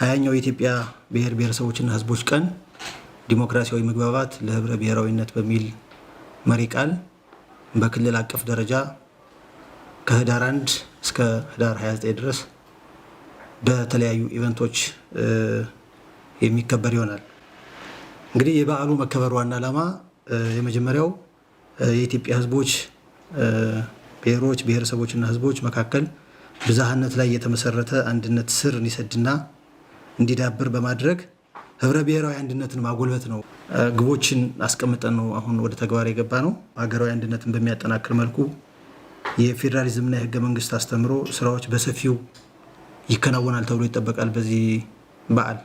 ሀያኛው የኢትዮጵያ ብሔር ብሔረሰቦችና ህዝቦች ቀን ዲሞክራሲያዊ መግባባት ለህብረ ብሔራዊነት በሚል መሪ ቃል በክልል አቀፍ ደረጃ ከህዳር 1 እስከ ህዳር 29 ድረስ በተለያዩ ኢቨንቶች የሚከበር ይሆናል። እንግዲህ የበዓሉ መከበር ዋና ዓላማ የመጀመሪያው የኢትዮጵያ ህዝቦች ብሔሮች፣ ብሔረሰቦችና ህዝቦች መካከል ብዝሃነት ላይ የተመሰረተ አንድነት ስር እንዲሰድና እንዲዳብር በማድረግ ህብረ ብሔራዊ አንድነትን ማጎልበት ነው። ግቦችን አስቀምጠን ነው አሁን ወደ ተግባር የገባ ነው። ሀገራዊ አንድነትን በሚያጠናክር መልኩ የፌዴራሊዝምና የህገ መንግስት አስተምሮ ስራዎች በሰፊው ይከናወናል ተብሎ ይጠበቃል። በዚህ በዓል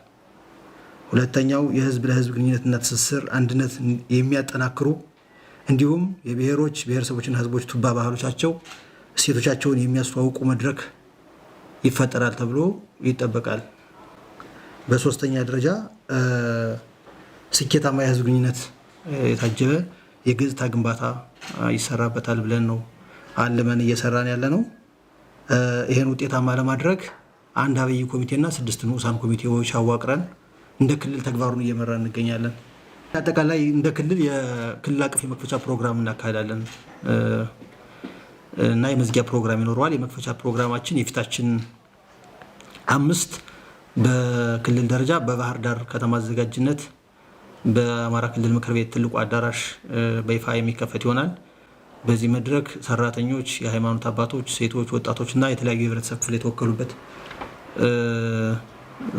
ሁለተኛው የህዝብ ለህዝብ ግንኙነትና ትስስር አንድነት የሚያጠናክሩ እንዲሁም የብሔሮች ብሔረሰቦችና ህዝቦች ቱባ ባህሎቻቸው እሴቶቻቸውን የሚያስተዋውቁ መድረክ ይፈጠራል ተብሎ ይጠበቃል። በሶስተኛ ደረጃ ስኬታማ የህዝብ ግንኙነት የታጀበ የገጽታ ግንባታ ይሰራበታል ብለን ነው አልመን እየሰራን ያለ ነው። ይህን ውጤታማ ለማድረግ አንድ አብይ ኮሚቴና ስድስት ንዑሳን ኮሚቴዎች አዋቅረን እንደ ክልል ተግባሩን እየመራ እንገኛለን። አጠቃላይ እንደ ክልል የክልል አቀፍ የመክፈቻ ፕሮግራም እናካሄዳለን እና የመዝጊያ ፕሮግራም ይኖረዋል። የመክፈቻ ፕሮግራማችን የፊታችን አምስት በክልል ደረጃ በባህር ዳር ከተማ አዘጋጅነት በአማራ ክልል ምክር ቤት ትልቁ አዳራሽ በይፋ የሚከፈት ይሆናል። በዚህ መድረክ ሰራተኞች፣ የሃይማኖት አባቶች፣ ሴቶች፣ ወጣቶች እና የተለያዩ የህብረተሰብ ክፍል የተወከሉበት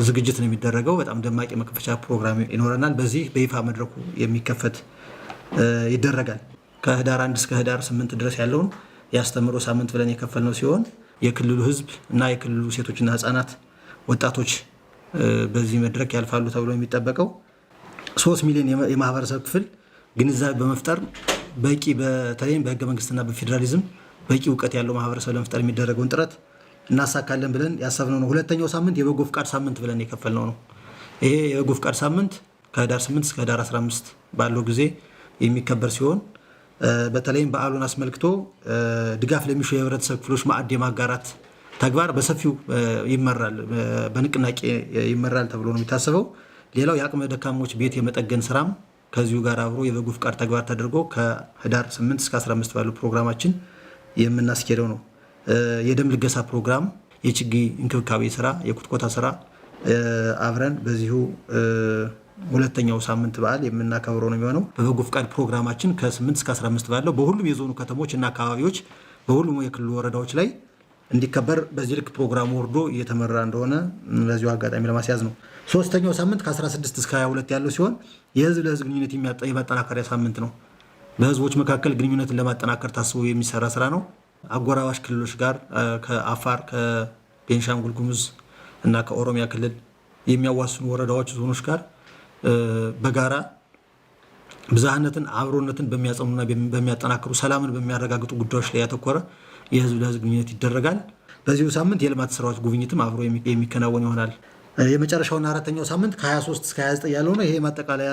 ዝግጅት ነው የሚደረገው። በጣም ደማቅ የመክፈቻ ፕሮግራም ይኖረናል። በዚህ በይፋ መድረኩ የሚከፈት ይደረጋል። ከህዳር አንድ እስከ ህዳር ስምንት ድረስ ያለውን የአስተምሮ ሳምንት ብለን የከፈልነው ሲሆን የክልሉ ህዝብ እና የክልሉ ሴቶችና ህጻናት ወጣቶች በዚህ መድረክ ያልፋሉ ተብሎ የሚጠበቀው ሶስት ሚሊዮን የማህበረሰብ ክፍል ግንዛቤ በመፍጠር በቂ በተለይም በህገ መንግስትና በፌዴራሊዝም በቂ እውቀት ያለው ማህበረሰብ ለመፍጠር የሚደረገውን ጥረት እናሳካለን ብለን ያሰብነው ነው። ሁለተኛው ሳምንት የበጎ ፍቃድ ሳምንት ብለን የከፈልነው ነው። ይሄ የበጎ ፍቃድ ሳምንት ከህዳር 8 እስከ ህዳር 15 ባለው ጊዜ የሚከበር ሲሆን በተለይም በዓሉን አስመልክቶ ድጋፍ ለሚሹ የህብረተሰብ ክፍሎች ማዕድ የማጋራት ተግባር በሰፊው ይመራል፣ በንቅናቄ ይመራል ተብሎ ነው የሚታሰበው። ሌላው የአቅመ ደካሞች ቤት የመጠገን ስራም ከዚሁ ጋር አብሮ የበጎ ፍቃድ ተግባር ተደርጎ ከህዳር 8 እስከ 15 ባለው ፕሮግራማችን የምናስኬደው ነው። የደም ልገሳ ፕሮግራም፣ የችግኝ እንክብካቤ ስራ፣ የኩትኮታ ስራ አብረን በዚሁ ሁለተኛው ሳምንት በዓል የምናከብረው ነው የሚሆነው። በበጎ ፍቃድ ፕሮግራማችን ከ8 እስከ 15 ባለው በሁሉም የዞኑ ከተሞች እና አካባቢዎች በሁሉም የክልሉ ወረዳዎች ላይ እንዲከበር በዚህ ልክ ፕሮግራሙ ወርዶ እየተመራ እንደሆነ በዚሁ አጋጣሚ ለማስያዝ ነው። ሶስተኛው ሳምንት ከ16 እስከ 22 ያለው ሲሆን የህዝብ ለህዝብ ግንኙነት የማጠናከሪያ ሳምንት ነው። በህዝቦች መካከል ግንኙነትን ለማጠናከር ታስቦ የሚሰራ ስራ ነው። አጎራባሽ ክልሎች ጋር ከአፋር፣ ከቤንሻንጉል ጉሙዝ እና ከኦሮሚያ ክልል የሚያዋስኑ ወረዳዎች፣ ዞኖች ጋር በጋራ ብዝሃነትን አብሮነትን በሚያጸኑና በሚያጠናክሩ ሰላምን በሚያረጋግጡ ጉዳዮች ላይ ያተኮረ የህዝብ ለህዝብ ግንኙነት ይደረጋል። በዚሁ ሳምንት የልማት ስራዎች ጉብኝትም አብሮ የሚከናወን ይሆናል። የመጨረሻውና አራተኛው ሳምንት ከ23 እስከ 29 ያለው ነው። ይሄ ማጠቃለያ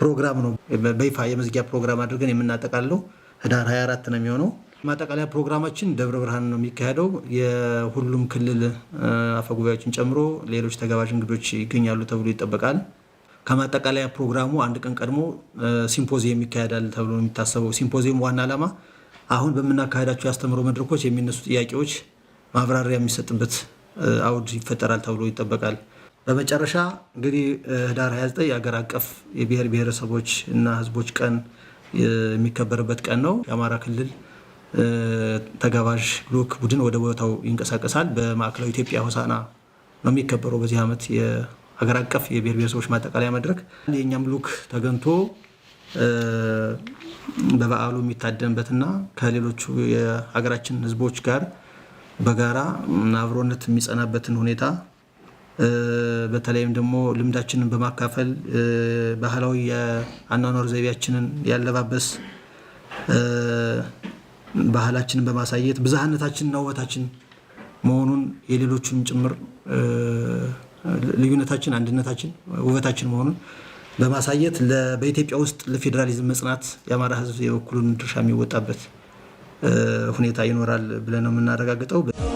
ፕሮግራም ነው። በይፋ የመዝጊያ ፕሮግራም አድርገን የምናጠቃለው ህዳር 24 ነው የሚሆነው። ማጠቃለያ ፕሮግራማችን ደብረ ብርሃን ነው የሚካሄደው። የሁሉም ክልል አፈጉባኤዎችን ጨምሮ ሌሎች ተጋባዥ እንግዶች ይገኛሉ ተብሎ ይጠበቃል። ከማጠቃለያ ፕሮግራሙ አንድ ቀን ቀድሞ ሲምፖዚየም ይካሄዳል ተብሎ የሚታሰበው ሲምፖዚየም ዋና ዓላማ አሁን በምናካሄዳቸው የአስተምሮ መድረኮች የሚነሱ ጥያቄዎች ማብራሪያ የሚሰጥበት አውድ ይፈጠራል ተብሎ ይጠበቃል። በመጨረሻ እንግዲህ ህዳር 29 የአገር አቀፍ የብሔር ብሔረሰቦች እና ህዝቦች ቀን የሚከበርበት ቀን ነው። የአማራ ክልል ተጋባዥ ልዑክ ቡድን ወደ ቦታው ይንቀሳቀሳል። በማዕከላዊ ኢትዮጵያ ሆሳና ነው የሚከበረው በዚህ ዓመት የሀገር አቀፍ የብሔር ብሔረሰቦች ማጠቃለያ መድረክ። የእኛም ልዑክ ተገንቶ በበዓሉ የሚታደምበትና ከሌሎቹ የሀገራችን ህዝቦች ጋር በጋራ አብሮነት የሚጸናበትን ሁኔታ በተለይም ደግሞ ልምዳችንን በማካፈል ባህላዊ የአኗኗር ዘይቤያችንን ያለባበስ ባህላችንን በማሳየት ብዝሃነታችንና ውበታችን መሆኑን የሌሎቹም ጭምር ልዩነታችን አንድነታችን ውበታችን መሆኑን በማሳየት በኢትዮጵያ ውስጥ ለፌዴራሊዝም መጽናት የአማራ ህዝብ የበኩሉን ድርሻ የሚወጣበት ሁኔታ ይኖራል ብለን ነው የምናረጋግጠው።